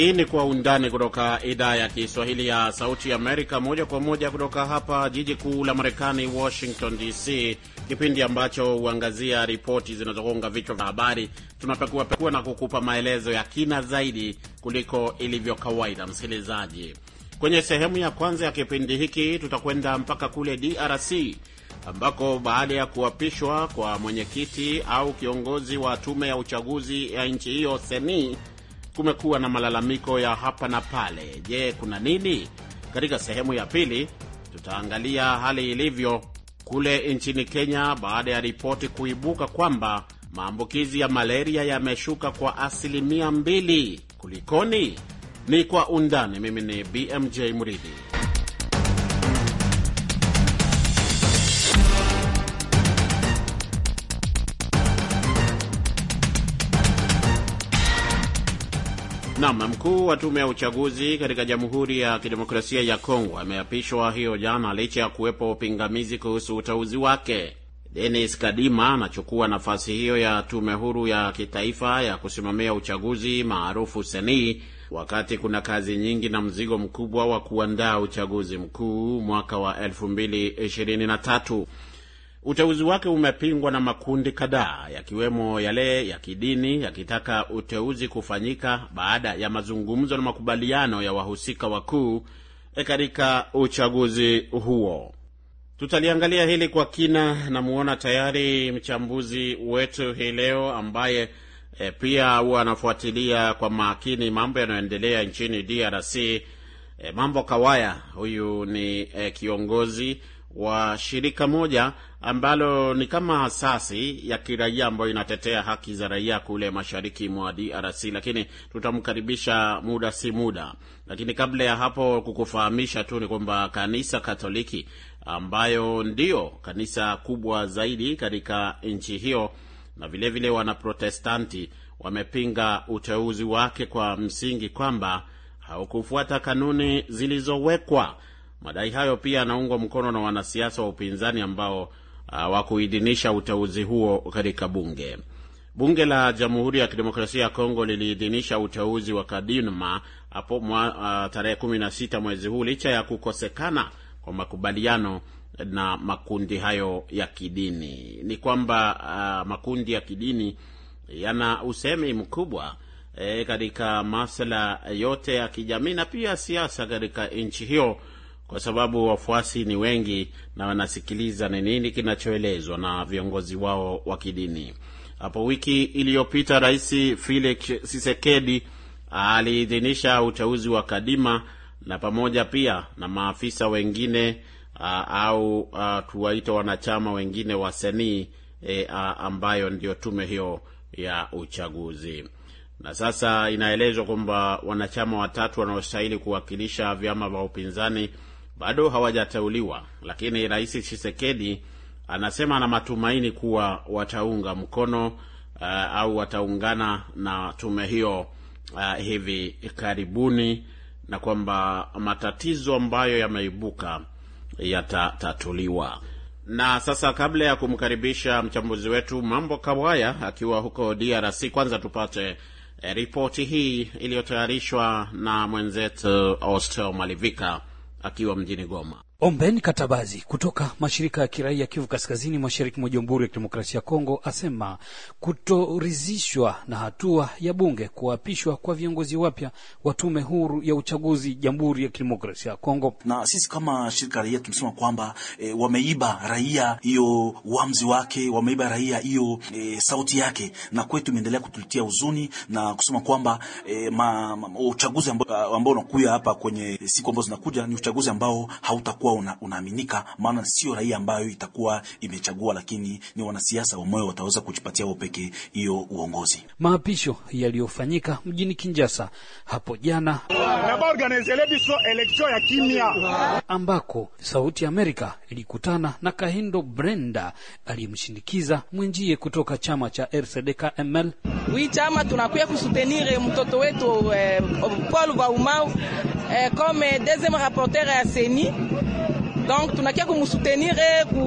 Hii ni Kwa Undani kutoka idhaa ya Kiswahili ya Sauti ya Amerika, moja kwa moja kutoka hapa jiji kuu la Marekani, Washington DC, kipindi ambacho huangazia ripoti zinazogonga vichwa vya habari. Tunapekuapekua na kukupa maelezo ya kina zaidi kuliko ilivyo kawaida. Msikilizaji, kwenye sehemu ya kwanza ya kipindi hiki tutakwenda mpaka kule DRC ambako baada ya kuapishwa kwa mwenyekiti au kiongozi wa tume ya uchaguzi ya nchi hiyo seni kumekuwa na malalamiko ya hapa na pale. Je, kuna nini? Katika sehemu ya pili tutaangalia hali ilivyo kule nchini Kenya baada ya ripoti kuibuka kwamba maambukizi ya malaria yameshuka kwa asilimia mbili. Kulikoni? Ni kwa undani. Mimi ni BMJ Mridhi. Naam, mkuu wa tume ya uchaguzi katika Jamhuri ya Kidemokrasia ya Kongo ameapishwa hiyo jana licha ya kuwepo pingamizi kuhusu uteuzi wake. Denis Kadima anachukua nafasi hiyo ya tume huru ya kitaifa ya kusimamia uchaguzi maarufu seni wakati kuna kazi nyingi na mzigo mkubwa wa kuandaa uchaguzi mkuu mwaka wa 2023. Uteuzi wake umepingwa na makundi kadhaa yakiwemo yale ya kidini yakitaka uteuzi kufanyika baada ya mazungumzo na makubaliano ya wahusika wakuu eh, katika uchaguzi huo. Tutaliangalia hili kwa kina. Namuona tayari mchambuzi wetu hii leo ambaye e, pia huwa anafuatilia kwa makini mambo yanayoendelea nchini DRC. E, eh, Mambo Kawaya, huyu ni e, kiongozi wa shirika moja ambalo ni kama asasi ya kiraia ambayo inatetea haki za raia kule mashariki mwa DRC, lakini tutamkaribisha muda si muda. Lakini kabla ya hapo, kukufahamisha tu ni kwamba kanisa Katoliki ambayo ndio kanisa kubwa zaidi katika nchi hiyo na vilevile wanaprotestanti wamepinga uteuzi wake kwa msingi kwamba haukufuata kanuni zilizowekwa Madai hayo pia yanaungwa mkono na wanasiasa wa upinzani ambao hawakuidhinisha ah, uteuzi huo katika bunge. Bunge la Jamhuri ya Kidemokrasia ya Kongo liliidhinisha uteuzi wa Kadinma hapo uh, tarehe 16 mwezi huu licha ya kukosekana kwa makubaliano na makundi hayo ya kidini. Ni kwamba uh, makundi ya kidini yana usemi mkubwa e, katika masuala yote ya kijamii na pia siasa katika nchi hiyo kwa sababu wafuasi ni wengi na wanasikiliza ni nini kinachoelezwa na viongozi wao wa kidini. Hapo wiki iliyopita, Rais Felix Tshisekedi aliidhinisha uteuzi wa Kadima na pamoja pia na maafisa wengine a, au tuwaita wanachama wengine wa senii e, ambayo ndio tume hiyo ya uchaguzi. Na sasa inaelezwa kwamba wanachama watatu wanaostahili kuwakilisha vyama vya upinzani bado hawajateuliwa, lakini Rais chisekedi anasema ana matumaini kuwa wataunga mkono uh, au wataungana na tume hiyo uh, hivi karibuni na kwamba matatizo ambayo yameibuka yatatatuliwa. Na sasa kabla ya kumkaribisha mchambuzi wetu Mambo Kawaya akiwa huko DRC, kwanza tupate eh, ripoti hii iliyotayarishwa na mwenzetu Austel Malivika akiwa mjini Goma omben Katabazi kutoka mashirika ya kiraia Kivu Kaskazini, mashariki mwa Jamhuri ya Kidemokrasia ya Kongo asema kutorizishwa na hatua ya bunge kuapishwa kwa viongozi wapya wa tume huru ya uchaguzi Jamhuri ya Kidemokrasia ya Kongo. Na sisi kama shirika la raia tumesema kwamba e, wameiba raia hiyo uamzi wake, wameiba raia hiyo e, sauti yake, na kwetu imeendelea kutulitia huzuni na kusema kwamba e, ma, ma, uchaguzi ambao unakuja hapa kwenye siku ambazo zinakuja ni uchaguzi ambao hautakuwa utakuwa unaaminika, maana sio raia ambayo itakuwa imechagua, lakini ni wanasiasa wamoyo wataweza kujipatia wao pekee hiyo uongozi. Maapisho yaliyofanyika mjini kinjasa hapo jana ya kimya, ambako Sauti Amerika ilikutana na Kahindo Brenda aliyemshindikiza mwenjie kutoka chama cha RCDK ML. Wi chama tunakuya kusutenir mtoto wetu eh, Paul Baumau eh, comme deuxième rapporteur ya seni donc tunakia kumsutenire ku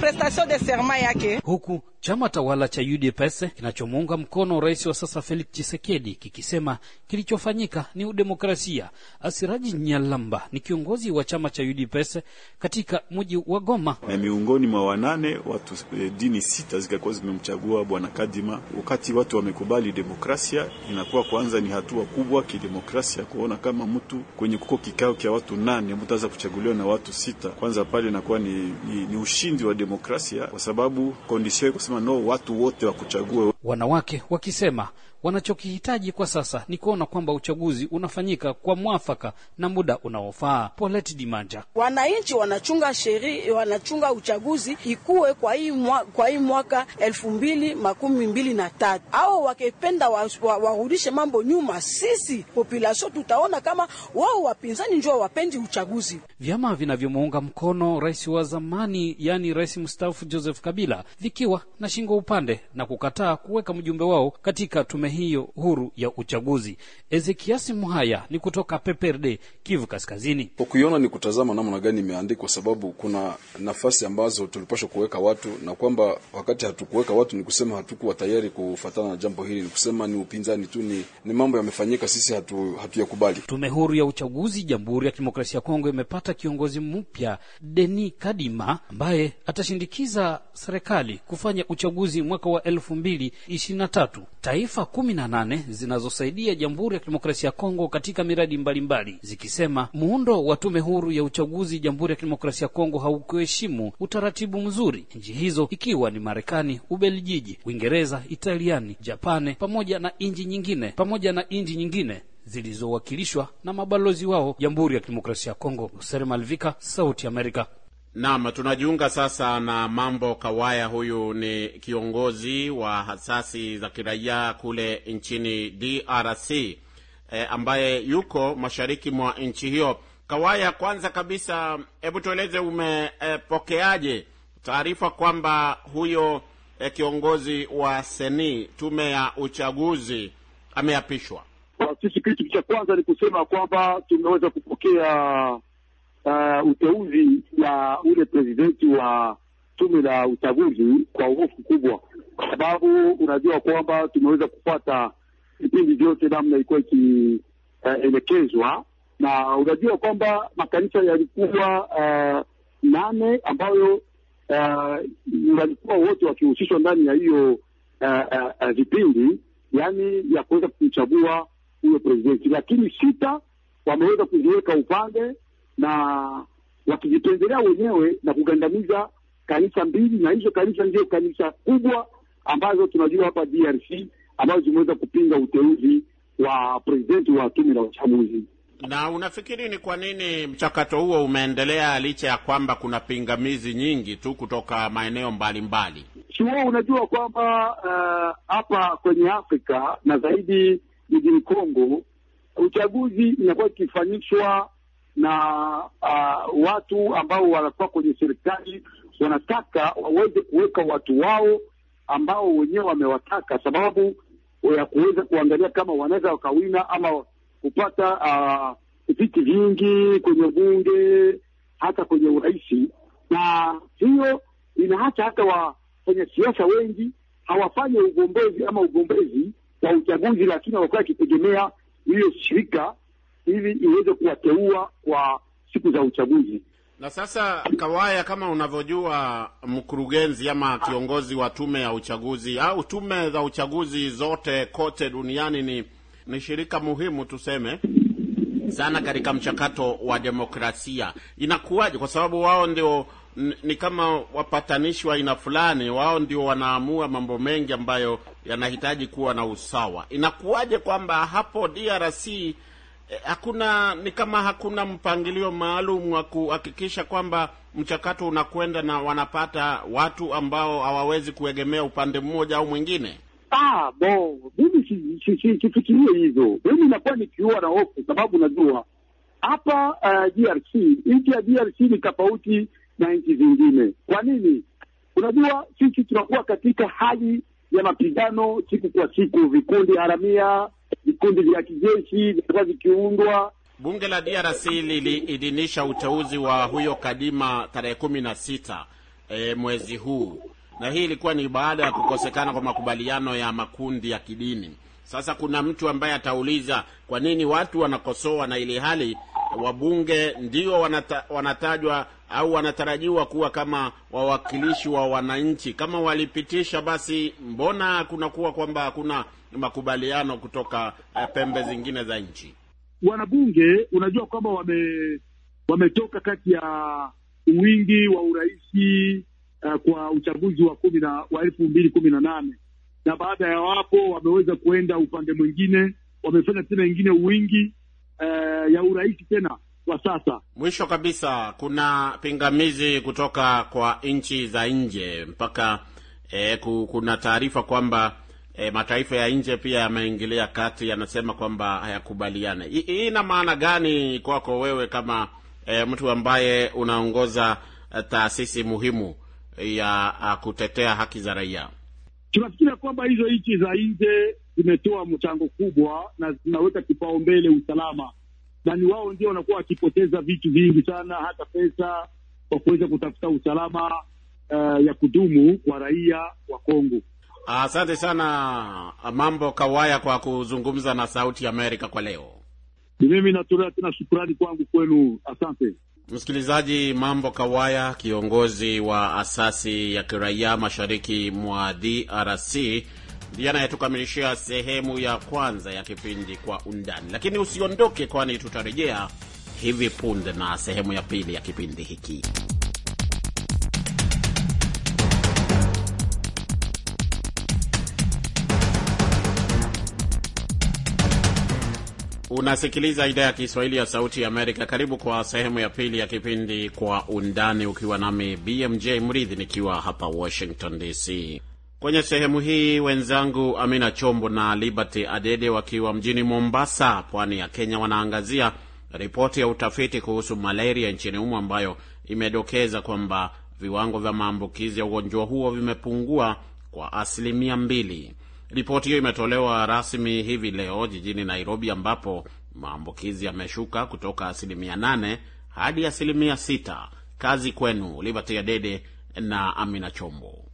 prestation de serma yake huku Chama tawala cha UDPS kinachomuunga mkono rais wa sasa Felix chisekedi kikisema kilichofanyika ni udemokrasia. Asiraji Nyalamba ni kiongozi wa chama cha UDPS katika mji wa Goma. Na miongoni mwa wanane watu e, dini sita zikakuwa zimemchagua bwana Kadima. Wakati watu wamekubali demokrasia, inakuwa kwanza ni hatua kubwa kidemokrasia, kuona kama mtu kwenye kuko kikao kya watu nane aweza kuchaguliwa na watu sita, kwanza pale inakuwa ni, ni, ni ushindi wa demokrasia kwa sababu kondisio lazima no watu wote wakuchague. Wanawake wakisema Wanachokihitaji kwa sasa ni kuona kwamba uchaguzi unafanyika kwa mwafaka na muda unaofaa. Polet Dimanja: wananchi wanachunga sheria, wanachunga uchaguzi ikuwe kwa hii mwa, kwa hii mwaka elfu mbili makumi mbili na tatu au wakipenda warudishe wa, wa mambo nyuma. Sisi populasio tutaona kama wao wapinzani njua wapendi uchaguzi. Vyama vinavyomuunga mkono rais wa zamani yani rais mstaafu Joseph Kabila vikiwa na shingo upande na kukataa kuweka mjumbe wao katika tume hiyo huru ya uchaguzi. Ezekiasi Mhaya ni kutoka PPRD Kivu Kaskazini. Ukiona ni kutazama namna gani imeandikwa, kwa sababu kuna nafasi ambazo tulipashwa kuweka watu, na kwamba wakati hatukuweka watu ni kusema hatukuwa tayari kufatana na jambo hili, ni kusema ni upinzani tu, ni, ni mambo yamefanyika, sisi hatu hatuyakubali. Tume huru ya uchaguzi Jamhuri ya Kidemokrasia ya Kongo imepata kiongozi mpya Deni Kadima ambaye atashindikiza serikali kufanya uchaguzi mwaka wa elfu mbili ishirini na tatu taifa kumi na nane zinazosaidia Jamhuri ya Kidemokrasia ya Kongo katika miradi mbalimbali mbali, zikisema muundo wa tume huru ya uchaguzi Jamhuri ya Kidemokrasia ya Kongo haukuheshimu utaratibu mzuri, nchi hizo ikiwa ni Marekani, Ubeljiji, Uingereza, Italiani, Japani pamoja na nchi nyingine pamoja na nchi nyingine zilizowakilishwa na mabalozi wao Jamhuri ya Kidemokrasia ya Kongo. Usere Malvika, Sauti Amerika. Naam, tunajiunga sasa na Mambo Kawaya. Huyu ni kiongozi wa hasasi za kiraia kule nchini DRC e, ambaye yuko mashariki mwa nchi hiyo. Kawaya, kwanza kabisa, hebu tueleze umepokeaje e, taarifa kwamba huyo e, kiongozi wa seni tume ya uchaguzi ameapishwa? Sisi kitu cha kwanza ni kusema kwamba tumeweza kupokea uh, uteuzi wa ule presidenti wa tume la uchaguzi kwa hofu kubwa, kwa sababu unajua kwamba tumeweza kupata vipindi vyote namna ilikuwa ikielekezwa uh, na unajua kwamba makanisa yalikuwa uh, nane ambayo uh, walikuwa wote wakihusishwa ndani ya hiyo vipindi uh, uh, uh, yaani ya kuweza kumchagua huyo presidenti, lakini sita wameweza kuziweka upande na wakijipendelea wenyewe na kugandamiza kanisa mbili, na hizo kanisa ndio kanisa kubwa ambazo tunajua hapa DRC ambazo zimeweza kupinga uteuzi wa presidenti wa tume la uchaguzi. Na unafikiri ni kwa nini mchakato huo umeendelea licha ya kwamba kuna pingamizi nyingi tu kutoka maeneo mbalimbali? wewe unajua kwamba uh, hapa uh, kwenye Afrika na zaidi jijini Kongo uchaguzi inakuwa ikifanyishwa na uh, watu ambao wanakuwa kwenye serikali wanataka waweze kuweka watu wao ambao wenyewe wamewataka, sababu ya kuweza kuangalia kama wanaweza wakawina ama kupata uh, viti vingi kwenye bunge hata kwenye urais, na hiyo inaacha hata wafanya siasa wengi hawafanye ugombezi ama ugombezi wa uchaguzi, lakini wanakuwa wakitegemea hiyo shirika ili iweze kuwateua kwa siku za uchaguzi. Na sasa, Kawaya, kama unavyojua, mkurugenzi ama kiongozi wa tume ya uchaguzi au tume za uchaguzi zote kote duniani ni ni shirika muhimu tuseme sana katika mchakato wa demokrasia. Inakuwaje? Kwa sababu wao ndio ni kama wapatanishi wa aina fulani, wao ndio wanaamua mambo mengi ambayo yanahitaji kuwa na usawa. Inakuwaje kwamba hapo DRC Eh, hakuna ni kama hakuna mpangilio maalum wa kuhakikisha kwamba mchakato unakwenda na wanapata watu ambao hawawezi kuegemea upande mmoja au mwingine. Ah, bo mimi sifikirie hivyo, mimi nakuwa nikiua na hofu, sababu najua hapa uh, eh, DRC nchi ya DRC ni tofauti na nchi zingine. Kwa nini? Unajua, sisi tunakuwa katika hali ya mapigano siku kwa siku, vikundi haramia vikundi vya kijeshi vilikuwa vikiundwa. Bunge la DRC liliidhinisha uteuzi wa huyo Kadima tarehe kumi na sita e, mwezi huu, na hii ilikuwa ni baada ya kukosekana kwa makubaliano ya makundi ya kidini. Sasa kuna mtu ambaye atauliza kwa nini watu wanakosoa na ili hali wabunge ndio wanata, wanatajwa au wanatarajiwa kuwa kama wawakilishi wa wananchi. Kama walipitisha, basi mbona kunakuwa kwamba hakuna makubaliano kutoka eh, pembe zingine za nchi? Wanabunge unajua kwamba wame, wametoka kati ya wingi wa uraisi uh, kwa uchaguzi wa kumi na wa elfu mbili kumi na nane na baada ya wapo wameweza kuenda upande mwingine, wamefanya tena ingine wingi Eh, ya urahisi tena kwa sasa. Mwisho kabisa, kuna pingamizi kutoka kwa nchi za nje mpaka e, kuna taarifa kwamba e, mataifa ya nje pia yameingilia kati, yanasema kwamba hayakubaliane. Hii ina maana gani kwako wewe kama e, mtu ambaye unaongoza taasisi muhimu ya kutetea haki za raia? Tunafikiria kwamba hizo nchi za nje zimetoa mchango kubwa na zinaweka kipaumbele usalama, na ni wao ndio wanakuwa wakipoteza vitu vingi sana, hata pesa kwa kuweza kutafuta usalama uh, ya kudumu kwa raia wa Kongo. Asante sana Mambo Kawaya kwa kuzungumza na Sauti ya Amerika kwa leo. Ni mimi natolea tena shukurani kwangu kwenu, asante. Msikilizaji, Mambo Kawaya, kiongozi wa asasi ya kiraia mashariki mwa DRC ndiye anayetukamilishia sehemu ya kwanza ya kipindi Kwa Undani. Lakini usiondoke, kwani tutarejea hivi punde na sehemu ya pili ya kipindi hiki. Unasikiliza idhaa ya Kiswahili ya Sauti ya Amerika. Karibu kwa sehemu ya pili ya kipindi Kwa Undani, ukiwa nami BMJ Mridhi nikiwa hapa Washington DC. Kwenye sehemu hii wenzangu Amina Chombo na Liberty Adede wakiwa mjini Mombasa, pwani ya Kenya, wanaangazia ripoti ya utafiti kuhusu malaria nchini humo ambayo imedokeza kwamba viwango vya maambukizi ya ugonjwa huo vimepungua kwa asilimia mbili. Ripoti hiyo imetolewa rasmi hivi leo jijini Nairobi, ambapo maambukizi yameshuka kutoka asilimia nane hadi asilimia sita. Kazi kwenu Liberty Adede na Amina Chombo.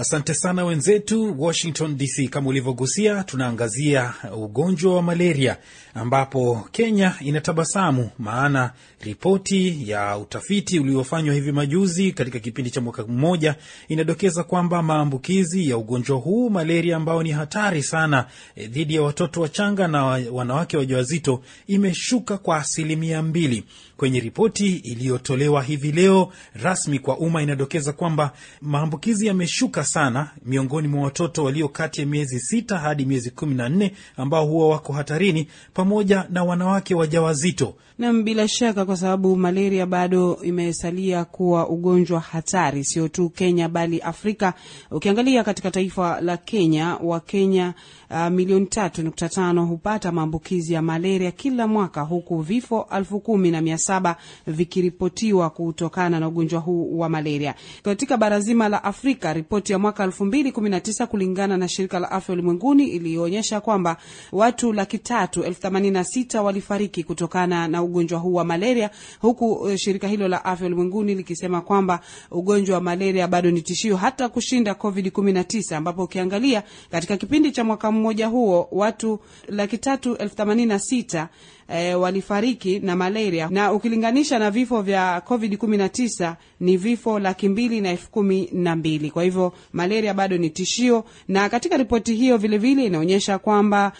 Asante sana wenzetu Washington DC. Kama ulivyogusia, tunaangazia ugonjwa wa malaria ambapo Kenya inatabasamu, maana ripoti ya utafiti uliofanywa hivi majuzi katika kipindi cha mwaka mmoja inadokeza kwamba maambukizi ya ugonjwa huu malaria, ambao ni hatari sana eh, dhidi ya watoto wachanga na wanawake wajawazito, imeshuka kwa asilimia mbili Kwenye ripoti iliyotolewa hivi leo rasmi kwa umma inadokeza kwamba maambukizi yameshuka sana miongoni mwa watoto walio kati ya miezi sita hadi miezi kumi na nne ambao huwa wako hatarini, pamoja na wanawake wajawazito. Nam, bila shaka, kwa sababu malaria bado imesalia kuwa ugonjwa hatari, sio tu Kenya bali Afrika. Ukiangalia katika taifa la Kenya, Kenya uh, milioni tatu nukta tano hupata maambukizi ya malaria kila mwaka, huku vifo elfu kumi na mia saba vikiripotiwa kutokana na ugonjwa huu wa malaria katika bara zima la Afrika. Ripoti ya mwaka elfu mbili kumi na tisa kulingana na shirika la afya ulimwenguni iliyoonyesha kwamba watu laki tatu elfu themanini na sita walifariki kutokana na ugonjwa huu wa malaria, huku uh, shirika hilo la afya ulimwenguni likisema kwamba ugonjwa wa malaria bado ni tishio hata kushinda COVID 19 ambapo ukiangalia katika kipindi cha mwaka mmoja huo watu laki tatu elfu themanini na sita e, walifariki na malaria, na ukilinganisha na vifo vya COVID 19 ni vifo laki mbili na elfu kumi na mbili. Kwa hivyo malaria bado ni tishio, na katika ripoti hiyo vilevile inaonyesha kwamba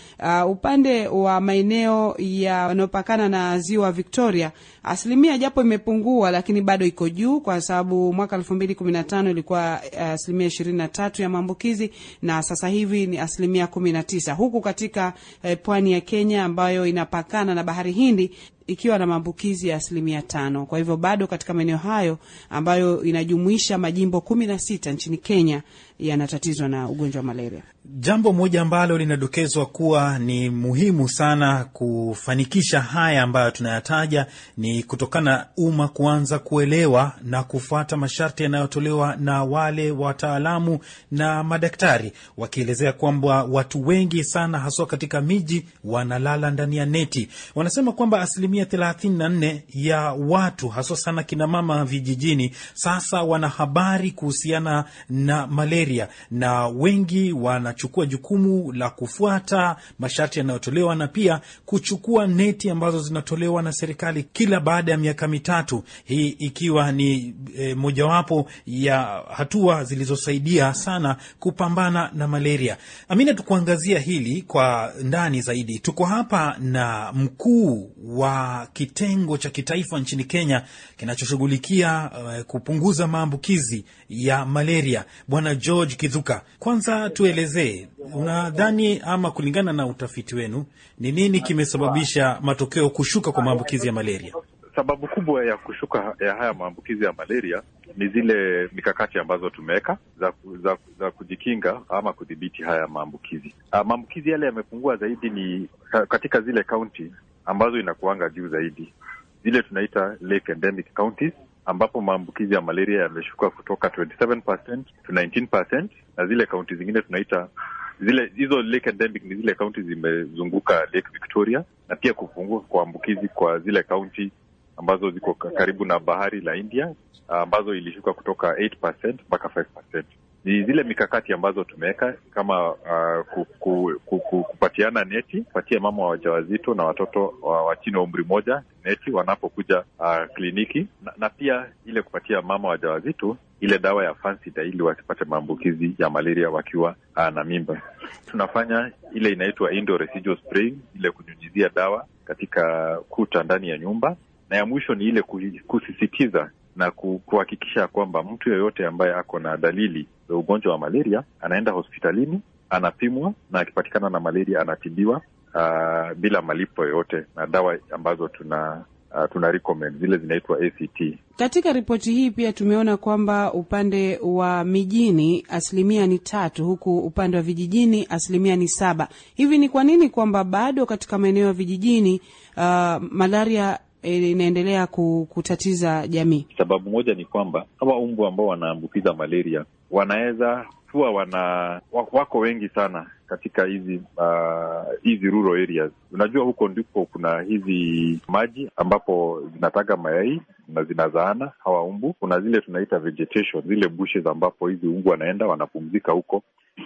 uh, upande wa maeneo yanayopakana na ziwa Victoria Asilimia japo imepungua, lakini bado iko juu, kwa sababu mwaka 2015 ilikuwa eh, asilimia 23 ya maambukizi na sasa hivi ni asilimia 19, huku katika eh, pwani ya Kenya ambayo inapakana na bahari Hindi ikiwa na maambukizi ya asilimia tano. Kwa hivyo bado katika maeneo hayo ambayo inajumuisha majimbo kumi na sita nchini Kenya yanatatizwa na ugonjwa wa malaria. Jambo moja ambalo linadokezwa kuwa ni muhimu sana kufanikisha haya ambayo tunayataja ni kutokana na umma kuanza kuelewa na kufuata masharti yanayotolewa na wale wataalamu na madaktari, wakielezea kwamba watu wengi sana haswa katika miji wanalala ndani ya neti. Wanasema kwamba asilimia 34 ya watu haswa sana kinamama vijijini sasa wana habari kuhusiana na malaria sheria, na wengi wanachukua jukumu la kufuata masharti yanayotolewa na pia kuchukua neti ambazo zinatolewa na serikali kila baada ya miaka mitatu, hii ikiwa ni e, mojawapo ya hatua zilizosaidia sana kupambana na malaria. Amina, tukuangazia hili kwa ndani zaidi. Tuko hapa na mkuu wa kitengo cha kitaifa nchini Kenya kinachoshughulikia uh, kupunguza maambukizi ya malaria Bwana Jo George Kizuka, kwanza tuelezee, unadhani ama kulingana na utafiti wenu, ni nini kimesababisha matokeo kushuka kwa maambukizi ya malaria? Sababu kubwa ya kushuka ya haya maambukizi ya malaria ni zile mikakati ambazo tumeweka za, za, za kujikinga ama kudhibiti haya maambukizi. Ah, maambukizi yale yamepungua zaidi ni katika zile kaunti ambazo inakuanga juu zaidi, zile tunaita lake endemic counties ambapo maambukizi ya malaria yameshuka kutoka 27% to 19%, na zile kaunti zingine tunaita zile hizo lake endemic ni zile kaunti zimezunguka Lake Victoria, na pia kupunguka kwa ambukizi kwa zile kaunti ambazo ziko karibu na bahari la India ambazo ilishuka kutoka 8% mpaka 5% ni zile mikakati ambazo tumeweka kama uh, ku, ku, ku, kupatiana neti, kupatia mama wajawazito na watoto wa chini wa umri moja neti wanapokuja uh, kliniki na, na pia ile kupatia mama wajawazito ile dawa ya Fansidar ili wasipate maambukizi ya malaria wakiwa uh, na mimba. Tunafanya ile inaitwa indoor residual spraying, ile kunyunyizia dawa katika kuta ndani ya nyumba, na ya mwisho ni ile kusisitiza na kuhakikisha kwamba mtu yeyote ambaye ako na dalili za ugonjwa wa malaria anaenda hospitalini, anapimwa na akipatikana na malaria anatibiwa uh, bila malipo yoyote na dawa ambazo tuna Uh, tuna recommend zile zinaitwa ACT. Katika ripoti hii pia tumeona kwamba upande wa mijini asilimia ni tatu huku upande wa vijijini asilimia ni saba. Hivi ni kwa nini kwamba bado katika maeneo ya vijijini uh, malaria Eh, inaendelea kutatiza jamii? Sababu moja ni kwamba hawa umbu ambao wanaambukiza malaria wanaweza kuwa wana wako wengi sana katika hizi uh, hizi rural areas. Unajua, huko ndipo kuna hizi maji ambapo zinataga mayai na zinazaana hawa umbu. Kuna zile tunaita vegetation, zile bushes ambapo hizi umbu wanaenda wanapumzika huko,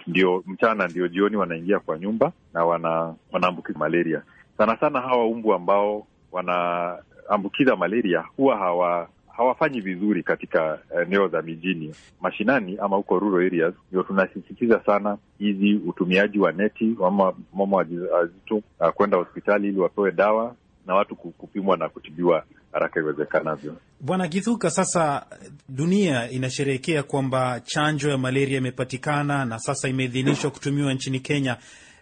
ndio mchana ndio jioni wanaingia kwa nyumba na wana wanaambukiza malaria sana sana hawa umbu ambao wanaambukiza malaria huwa hawa hawafanyi vizuri katika eneo za mijini, mashinani ama huko rural areas. Ndio tunasisitiza sana hizi utumiaji wa neti, mama mama wajawazito uh, kwenda hospitali ili wapewe dawa na watu kupimwa na kutibiwa haraka iwezekanavyo. Bwana Kithuka, sasa dunia inasherehekea kwamba chanjo ya malaria imepatikana na sasa imeidhinishwa kutumiwa nchini Kenya.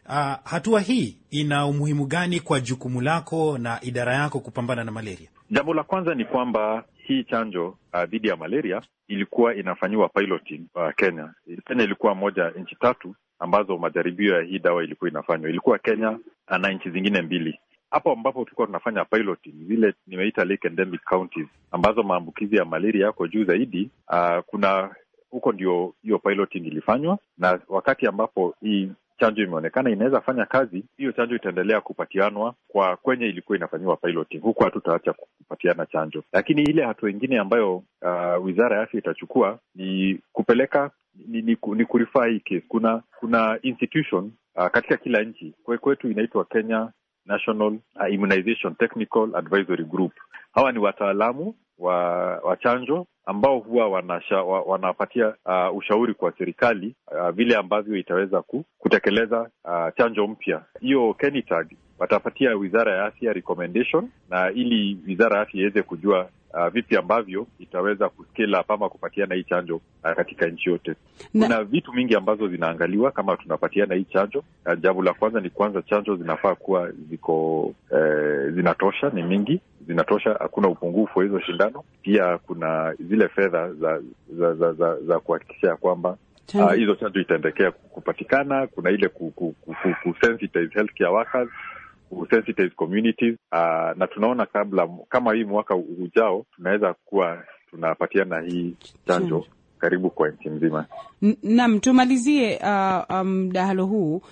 Uh, hatua hii ina umuhimu gani kwa jukumu lako na idara yako kupambana na malaria? Jambo la kwanza ni kwamba hii chanjo ah, dhidi uh, ya malaria ilikuwa inafanyiwa piloting uh, ah, Kenya. Kenya ilikuwa moja nchi tatu ambazo majaribio ya hii dawa ilikuwa inafanywa, ilikuwa Kenya na nchi zingine mbili. Hapo ambapo tulikuwa tunafanya piloting, zile nimeita lake endemic counties ambazo maambukizi ya malaria yako juu zaidi, uh, kuna huko ndio hiyo piloting ilifanywa, na wakati ambapo hii chanjo imeonekana inaweza fanya kazi, hiyo chanjo itaendelea kupatianwa kwa kwenye ilikuwa inafanyiwa piloting. Huku hatutaacha kupatiana chanjo, lakini ile hatua ingine ambayo uh, wizara ya afya itachukua ni kupeleka ni, ni, ni kurifaa hii case. Kuna kuna institution uh, katika kila nchi, kwetu inaitwa Kenya National Immunization Technical Advisory Group. Hawa ni wataalamu wa, wa chanjo ambao huwa wanasha, wa, wanapatia uh, ushauri kwa serikali uh, vile ambavyo itaweza ku, kutekeleza uh, chanjo mpya hiyo. Kenitag watapatia wizara ya afya recommendation, na ili wizara ya afya iweze kujua Uh, vipi ambavyo itaweza kuskela apama kupatiana hii chanjo uh, katika nchi yote. Kuna vitu mingi ambazo zinaangaliwa kama tunapatiana hii chanjo uh, jambo la kwanza ni kwanza chanjo zinafaa kuwa ziko eh, zinatosha, ni mingi zinatosha, hakuna upungufu wa hizo shindano. Pia kuna zile fedha za za, za, za, za kuhakikisha kwamba ah, hizo chanjo itaendekea kupatikana. Kuna ile ku, healthcare workers, ku communities ah, na tunaona kabla kama hii mwaka ujao tunaweza kuwa tunapatiana hii chanjo Change karibu kwa nchi nzima. Naam, tumalizie uh, um, mdahalo um, huu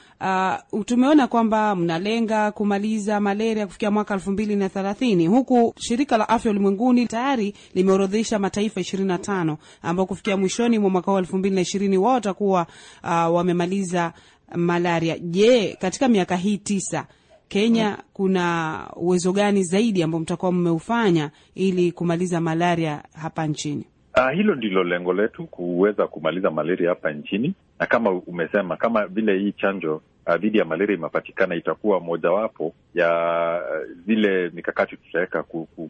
uh, tumeona kwamba mnalenga kumaliza malaria kufikia mwaka elfu mbili na thelathini huku shirika la afya ulimwenguni tayari limeorodhesha mataifa ishirini na tano ambao kufikia mwishoni mwa mwaka huu elfu mbili na ishirini wao watakuwa uh, wamemaliza malaria. Je, katika miaka hii tisa Kenya kuna uwezo gani zaidi ambao mtakuwa mmeufanya ili kumaliza malaria hapa nchini? Uh, hilo ndilo lengo letu kuweza kumaliza malaria hapa nchini, na kama umesema, kama vile hii chanjo ah, dhidi uh, ya malaria imepatikana, itakuwa mojawapo ya uh, zile mikakati tutaweka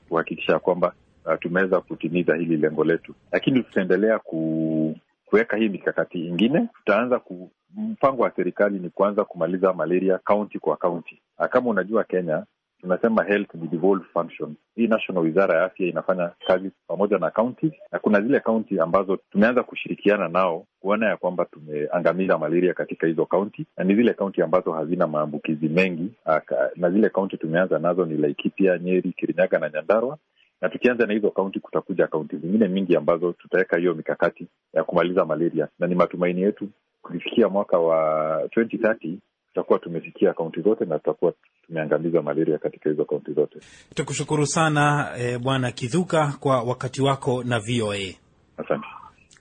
kuhakikisha kwamba uh, tumeweza kutimiza hili lengo letu, lakini tutaendelea ku kuweka hii mikakati ingine. Tutaanza ku mpango wa serikali ni kuanza kumaliza malaria kaunti kwa kaunti. Kama unajua Kenya tunasema health ni devolved function. Hii national wizara ya afya inafanya kazi pamoja na kaunti, na kuna zile kaunti ambazo tumeanza kushirikiana nao kuona ya kwamba tumeangamiza malaria katika hizo kaunti, na ni zile kaunti ambazo hazina maambukizi mengi aka, ah, na zile kaunti tumeanza nazo ni Laikipia, Nyeri, Kirinyaga na nyandarwa na tukianza na hizo kaunti, kutakuja kaunti zingine mingi ambazo tutaweka hiyo mikakati ya kumaliza malaria, na ni matumaini yetu kufikia mwaka wa 2030 tutakuwa tumefikia kaunti zote na tutakuwa tumeangamiza malaria katika hizo kaunti zote. Tukushukuru sana e, Bwana Kidhuka kwa wakati wako na VOA. Asante.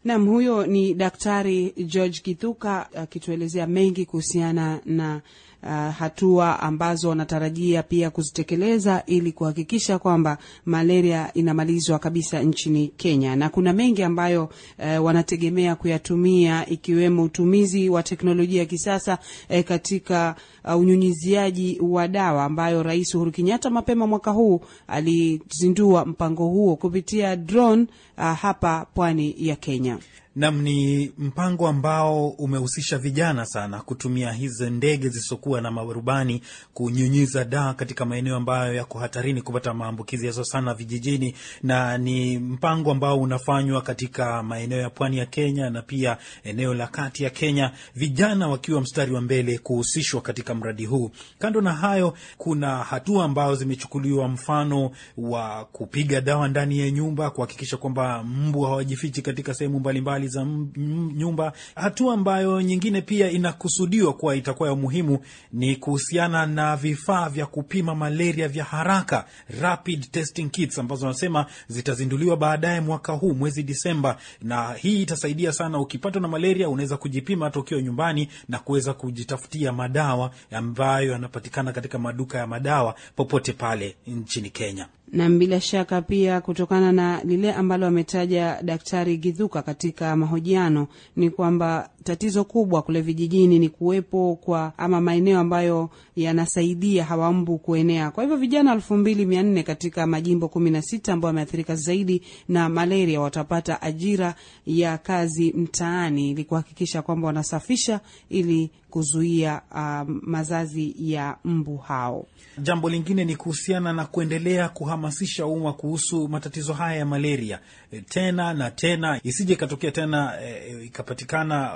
Nam, huyo ni Daktari George kidhuka akituelezea mengi kuhusiana na uh, hatua ambazo wanatarajia pia kuzitekeleza ili kuhakikisha kwamba malaria inamalizwa kabisa nchini Kenya, na kuna mengi ambayo uh, wanategemea kuyatumia ikiwemo utumizi wa teknolojia ya kisasa uh, katika uh, unyunyiziaji wa dawa ambayo Rais Uhuru Kenyatta mapema mwaka huu alizindua mpango huo kupitia drone uh, hapa pwani ya Kenya. Nam, ni mpango ambao umehusisha vijana sana kutumia hizi ndege zisizokuwa na marubani kunyunyiza dawa katika maeneo ambayo yako hatarini kupata maambukizi hasa sana vijijini, na ni mpango ambao unafanywa katika maeneo ya pwani ya Kenya na pia eneo la kati ya Kenya, vijana wakiwa mstari wa mbele kuhusishwa katika mradi huu. Kando na hayo, kuna hatua ambazo zimechukuliwa, mfano wa kupiga dawa ndani ya nyumba, kuhakikisha kwamba mbu hawajifichi katika sehemu mbalimbali za nyumba. Hatua ambayo nyingine pia inakusudiwa kuwa itakuwa ya umuhimu ni kuhusiana na vifaa vya kupima malaria vya haraka, rapid testing kits, ambazo wanasema zitazinduliwa baadaye mwaka huu mwezi Disemba, na hii itasaidia sana. Ukipatwa na malaria unaweza kujipima hata ukiwa nyumbani na kuweza kujitafutia madawa ambayo yanapatikana katika maduka ya madawa popote pale nchini Kenya na bila shaka pia kutokana na lile ambalo ametaja Daktari Gidhuka katika mahojiano ni kwamba tatizo kubwa kule vijijini ni kuwepo kwa ama maeneo ambayo yanasaidia hawambu kuenea. Kwa hivyo vijana elfu mbili mia nne katika majimbo kumi na sita ambayo wameathirika zaidi na malaria watapata ajira ya kazi mtaani ili kuhakikisha kwamba wanasafisha ili kuzuia uh, mazazi ya mbu hao. Jambo lingine ni kuhusiana na kuendelea kuhamasisha umma kuhusu matatizo haya ya malaria e, tena na tena, isije ikatokea tena e, ikapatikana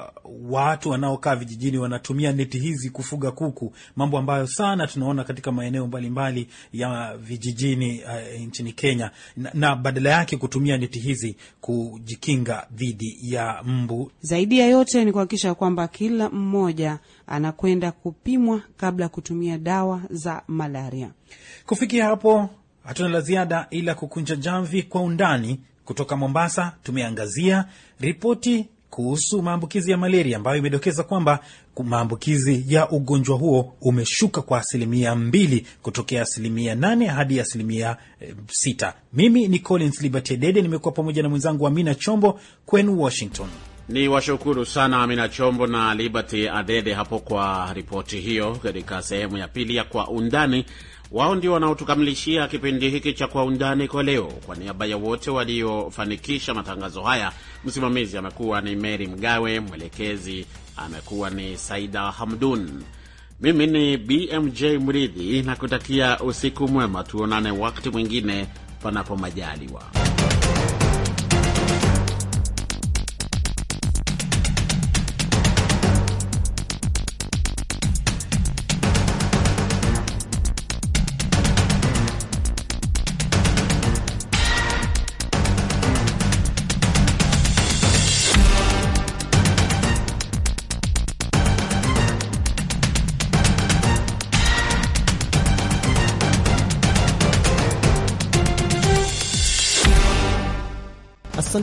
watu wanaokaa vijijini wanatumia neti hizi kufuga kuku, mambo ambayo sana tunaona katika maeneo mbalimbali ya vijijini uh, nchini Kenya na, na badala yake kutumia neti hizi kujikinga dhidi ya mbu. Zaidi ya yote ni kuhakikisha kwamba kila mmoja anakwenda kupimwa kabla ya kutumia dawa za malaria. Kufikia hapo, hatuna la ziada ila kukunja jamvi kwa undani. Kutoka Mombasa tumeangazia ripoti kuhusu maambukizi ya malaria ambayo imedokeza kwamba maambukizi ya ugonjwa huo umeshuka kwa asilimia mbili kutokea asilimia nane hadi asilimia e, sita. Mimi ni Collins Liberty Dede, nimekuwa pamoja na mwenzangu Amina Chombo kwenu Washington. Ni washukuru sana Amina Chombo na Liberty Adede hapo kwa ripoti hiyo. Katika sehemu ya pili ya Kwa Undani, wao ndio wanaotukamilishia kipindi hiki cha Kwa Undani kwa leo. Kwa niaba ya wote waliofanikisha matangazo haya, msimamizi amekuwa ni Mary Mgawe, mwelekezi amekuwa ni Saida Hamdun, mimi ni BMJ Mridhi na kutakia usiku mwema. Tuonane wakati mwingine, panapo majaliwa.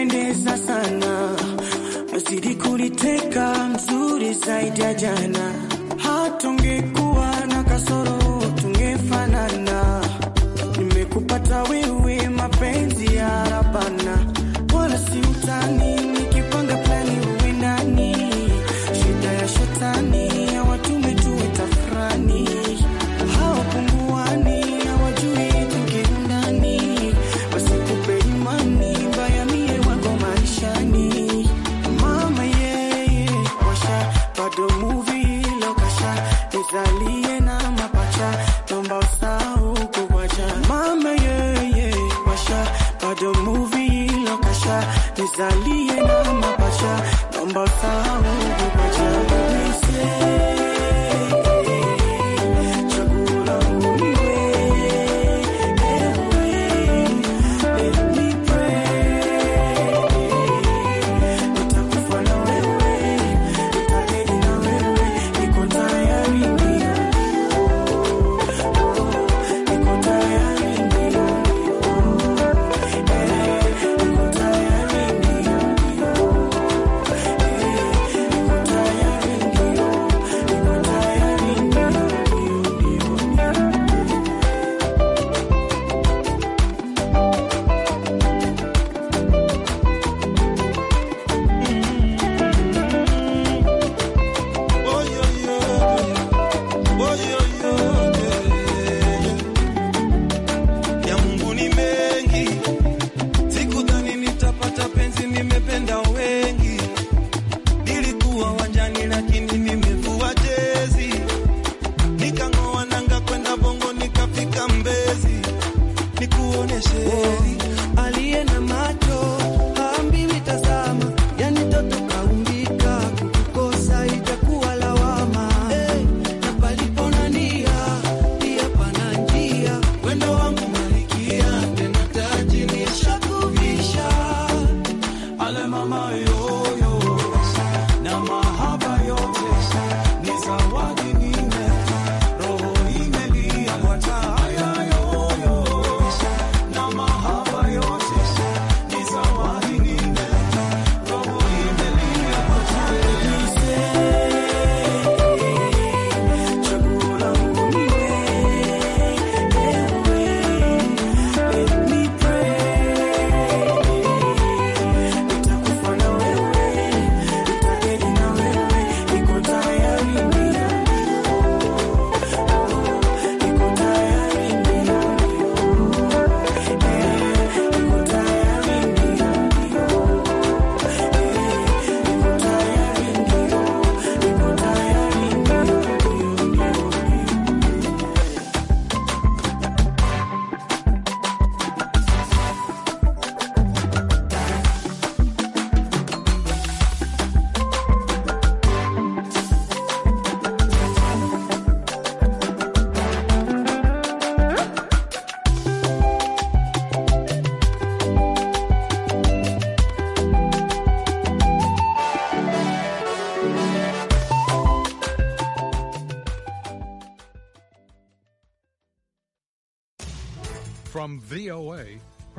kupendeza sana, mezidi kuliteka, mzuri zaidi ya jana, hatungekuwa na kasoro Nijalie na mapasha namba saa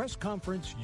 press conference